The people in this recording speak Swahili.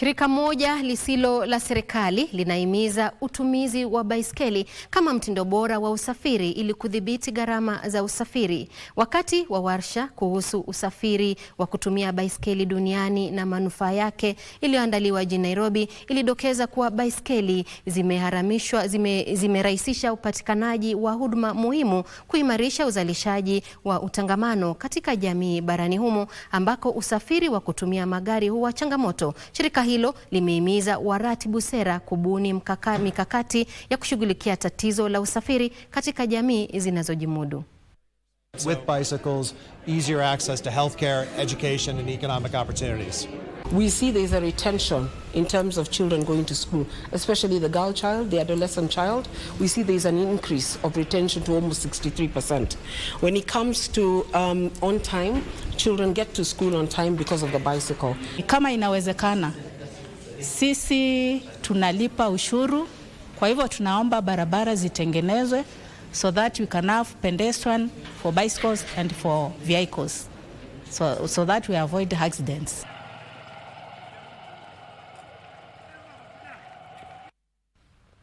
Shirika moja lisilo la serikali linahimiza utumizi wa baiskeli kama mtindo bora wa usafiri ili kudhibiti gharama za usafiri. Wakati wa warsha kuhusu usafiri wa kutumia baiskeli duniani na manufaa yake iliyoandaliwa jijini Nairobi, ilidokeza kuwa baiskeli zimeharamishwa zime, zimerahisisha upatikanaji wa huduma muhimu, kuimarisha uzalishaji wa utangamano katika jamii barani humo ambako usafiri wa kutumia magari huwa changamoto. Shirika hilo limehimiza waratibu sera kubuni mkaka, mikakati ya kushughulikia tatizo la usafiri katika jamii zinazojimudu. With bicycles, easier access to healthcare, education and economic opportunities. We see a retention in terms of children going to school, especially the girl child, the adolescent child. We see an increase of retention to almost 63%. When it comes to um, on time, children get to school on time because of the bicycle. Kama inawezekana sisi tunalipa ushuru, kwa hivyo tunaomba barabara zitengenezwe so that we can have pedestrian for bicycles and for vehicles so, so that we avoid accidents.